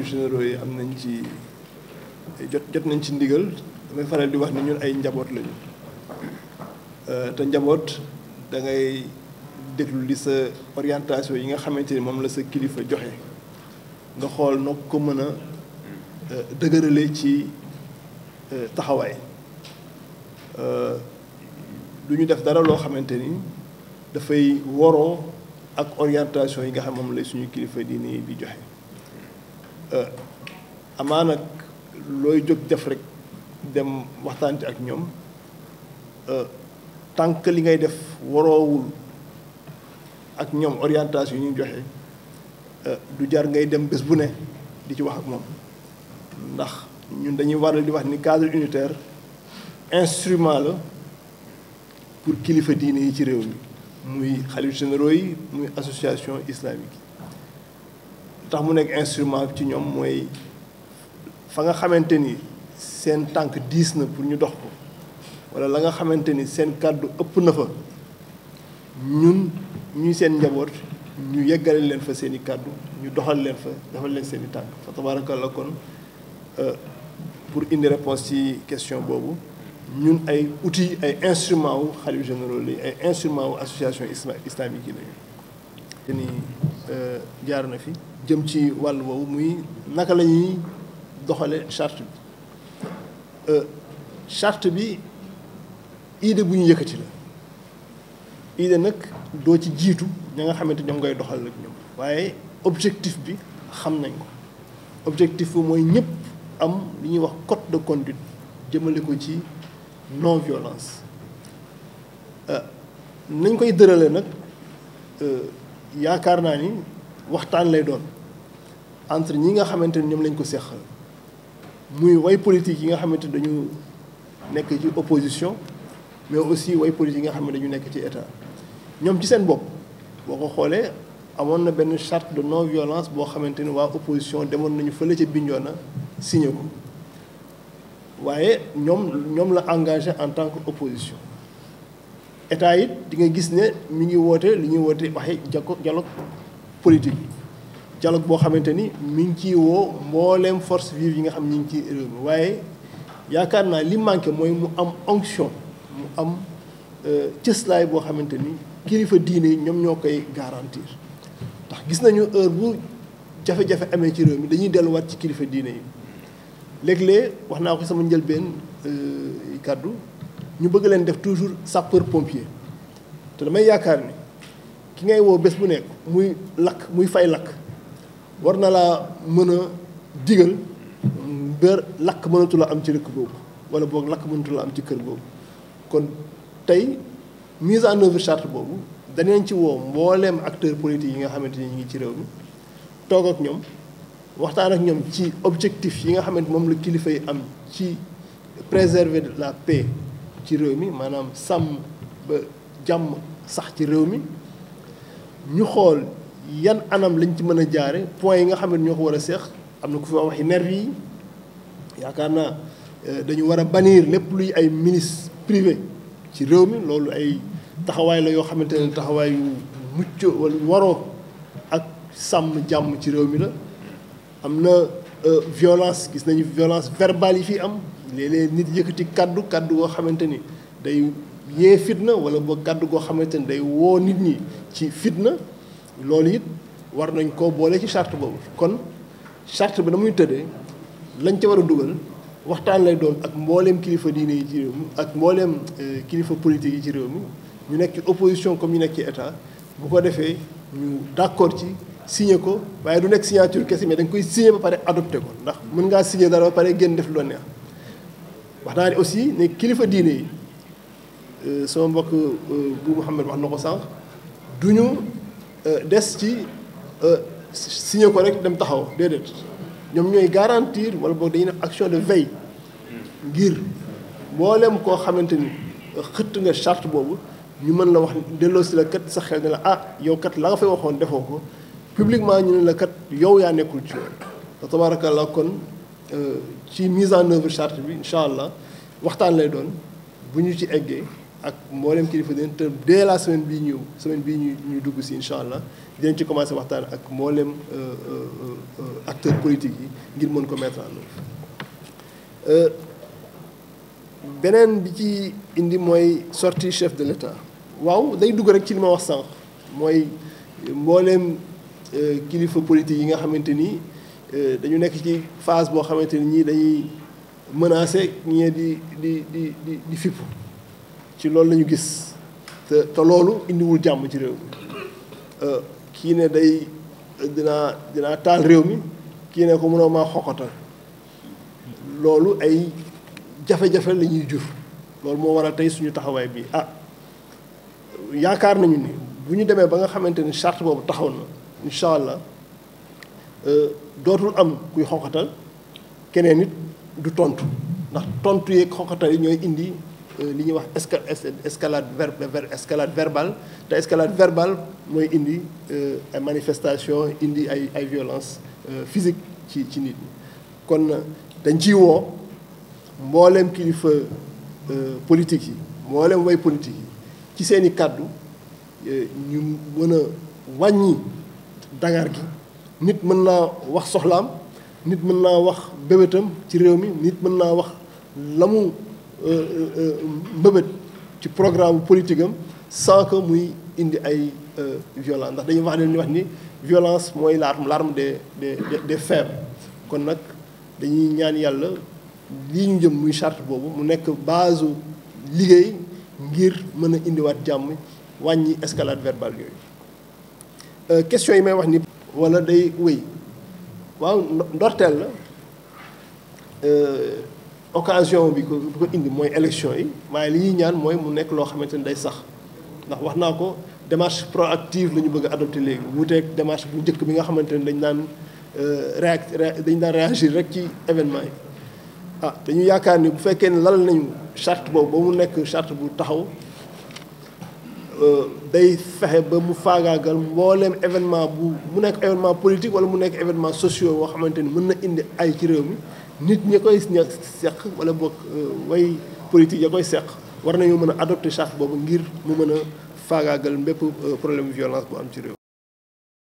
généraux yi am nañ ci jot jot nañ ci ndigal damay faral di wax ni ñun ay njaboot lañu euh, te njaboot da ngay déglu li sa orientation yi nga xamante ni moom la sa kilifa joxe nga xool noo ko mën a euh, dëgërale ci euh, taxawaay du ñu def dara loo xamante ni dafay woroo ak orientation yi nga xam moom la suñu kilifa di nii di joxe Euh, amaana looy jóg def rek dem waxtaan ci ak ñoom euh, tànk li ngay def waroowul ak ñoom orientation yi ñuy joxe euh, du jar ngay dem bés bu ne di ci wax ak moom ndax ñun dañuy waral di wax ni cadre unitaire instrument la pour kilifa diine yi ci réew mi muy xalif généraux yi muy association islamique tax mu nekk instrument ci ñoom mooy fa nga xamante ni seen tànk diis na pour ñu dox ko walla la nga xamante ni seen kàddu ëpp na fa ñun ñuy seen njaboot ñu yeggale leen fa seen i kàddu ñu doxal leen fa defal leen seen i tànk fa la kon euh, pour indi réponse ci question boobu ñun ay uti ay instruments wu xalif généraux yi ay instruments wu association islamique yi lañu Euh, jaar na fi jëm ci wàll woowu muy naka la ñuy doxale charte bi euh, charte bi idée bu ñu yëkkati la idée nag doo ci jiitu ña nga xamante ñoom ngay doxal ak ñoom waaye objectif bi xam nañ ko objectif bi mooy ñëpp am li ñuy wax code de conduite jëmale ko ci non violence euh, nañ koy dërale nag yaakaar naa ni waxtaan lay doon entre ñi nga xamante ni ñoom lañ ko seqal muy woy politique yi nga xamante ni dañu nekk ci opposition mais aussi woy politique yi nga xam ne dañu nekk ci état ñoom ci seen bopp boo ko xoolee amoon na benn charte de non violence boo xamante ni waa opposition demoon nañu fële ca Bignona signé ko waaye ñoom ñoom la engagé en tant que opposition état it di nga gis ne mu ngi woote lu ñuy woote waxi jako dialogue politique jaloog boo xamante ni mi ngi ciy woo mbooleem force vive yi nga xam ñu ngi ci réew mi waaye yaakaar naa li manqué mooy mu am onction mu am euh, cëslaay boo xamante ni kilifa diine ñoom ñoo koy garantir ndax gis nañu heure bu jafe-jafe amee ci réew mi dañuy delluwaat ci kilifa diine yi léeg-léeg wax naa ko sama njëlbeen euh, kàddu ñu bëgg leen def toujours sapeur pompier te damay yaakaar ni ki ngay woo bés bu nekk muy lakk muy fay lakk war na laa mën a digal ba lakk mënatu la am ci dëkk boobu wala boog lakk mënatu la am ci kër boobu kon tey mise en œuvre charte boobu danañ ci woo mbooleem acteurs politiques yi nga xamante ni ñu ngi ci réew mi toog ak ñoom waxtaan ak ñoom ci objectif yi nga xamante moom la kilifa yi am ci préserver la paix ci réew mi maanaam sàmm ba jàmm sax ci réew mi ñu xool yan anam lañ ci mën a jaare point yi nga xam ne ñoo ko war a seex am na ku fi wax waxi nervi yi yaakaar naa euh, dañu war a bannir lépp luy ay milice privé ci réew mi loolu ay taxawaay la yoo xamante ne taxawaay yu mucc wala waroo ak sàmm jàmm ci réew mi la am na Euh, violence gis nañu violence verbale yi fi am léeg-léeg nit yëkkati kàddu kàddu goo xamante ni day yee fitna wala boo kaddu goo xamante ni day woo nit ñi ci fitna loolu it war nañ koo boole ci charte boobu kon charte bi na muy tëddee lañ ca war a dugal waxtaan lay doon ak mbooleem kilifa diine yi ci réew mi ak mbooleem euh, kilifa politique yi ci réew mi ñu nekk ci opposition comme ñu nekk ci état bu ko defee ñu d'accord ci signé ko waaye du nekk signature kese mais da nga koy signé ba pare adopté ko ndax mën ngaa signé dara ba pare génn def loo neex wax naa ne aussi ne kilifa diine yi euh, sama mbokk euh, bu Mouhamed wax na ko sànq du ñu euh, des ci signé ko rek dem taxaw déedéet ñoom ñooy garantir wala boog dañuy def action de veille ngir mboolem koo xamante ni xëtt nga charte boobu ñu mën la wax delloosi la kat sa xel ne la ah yow kat la nga fay waxoon defoo ko. publiquement ñu ne la kat yow yaa nekkul ci loolu tabarakallah kon euh, ci mise en œuvre charte bi incha allah waxtaan lay doon bu ñu ci eggee ak mboolem kilifa dinañ la semaine bii ñëw semaine bii ñu ñuy dugg si incha allah ci commencé waxtaan ak mboolem euh, euh, acteurs politiques ngir mën ko mettre bi ci indi mooy sortie chef de l'État waaw day dugg rek ci li ma wax sànq mooy mbooleem Euh, kilifa politique yi nga xamante ni euh, dañu nekk ci phase boo xamante ni ñii dañuy menacer ñii di di di di di fipp ci loolu lañu gis te te loolu indiwul jàmm ci réew mi euh, kii ne day dina dinaa taal réew mi kii ne ko mënoo maa xoqatal loolu ay jafe-jafe la ñuy jur loolu moo a tey suñu taxawaay bi ah yaakaar nañu ni bu ñu demee ba nga xamante ni charte boobu taxaw na incha allah euh, dootul am kuy xonqatal keneen it du tontu ndax tontu yeeg xonqatal yi ñooy indi euh, li ñuy wax esca escalade ver escalade verbale te escalade verbale mooy indi euh, ay manifestation indi ay ay violence physique ci ci nit kon dañ ciy woo mboolem kilifa politique yi mboolem way politique yi ci seen i kàddu ñu mën a wàññi dangaar gi nit mën naa wax soxlaam nit mën naa wax bébétam ci réew mi nit mën naa wax lamu mu euh, euh, euh, mbébét ci programme politique am sans muy indi ay violence ndax dañuy wax ne wax ni violence mooy l'arme l'arme des des des faibles kon nag dañuy ñaan yàlla lii ñu jëm muy chart boobu mu nekk base liggéey ngir mën a indiwaat jàmm wàññi escalade verbale yooyu Euh, question yi may wax ni wala day wéy waaw ndorteel la euh, occasion bi ko bi ko indi mooy élection yi waaye li ñuy ñaan mooy mu nekk loo xamante ni day sax ndax wax naa ko démarche proactive la ñu bëgg a adopté léegi wuuteeg démarche bu njëkk bi nga xamante ni dañ naan euh, réact dañ naan réagir rek ci événement yi ah te yaakaar ni bu fekkee ne lal nañu charte boobu ba mu nekk charte bu taxaw day fexe ba mu faagaagal mbooleem événement bu mu nekk événement politique wala mu nekk événement sociaux boo xamante ni mën na indi ay ci réew mi nit ñi koy ña seq wala boog euh, way politique ya koy seq war nañoo mën a adopté charte boobu ngir mu mën a faagaagal mbépp euh, problème violence bu am ci réew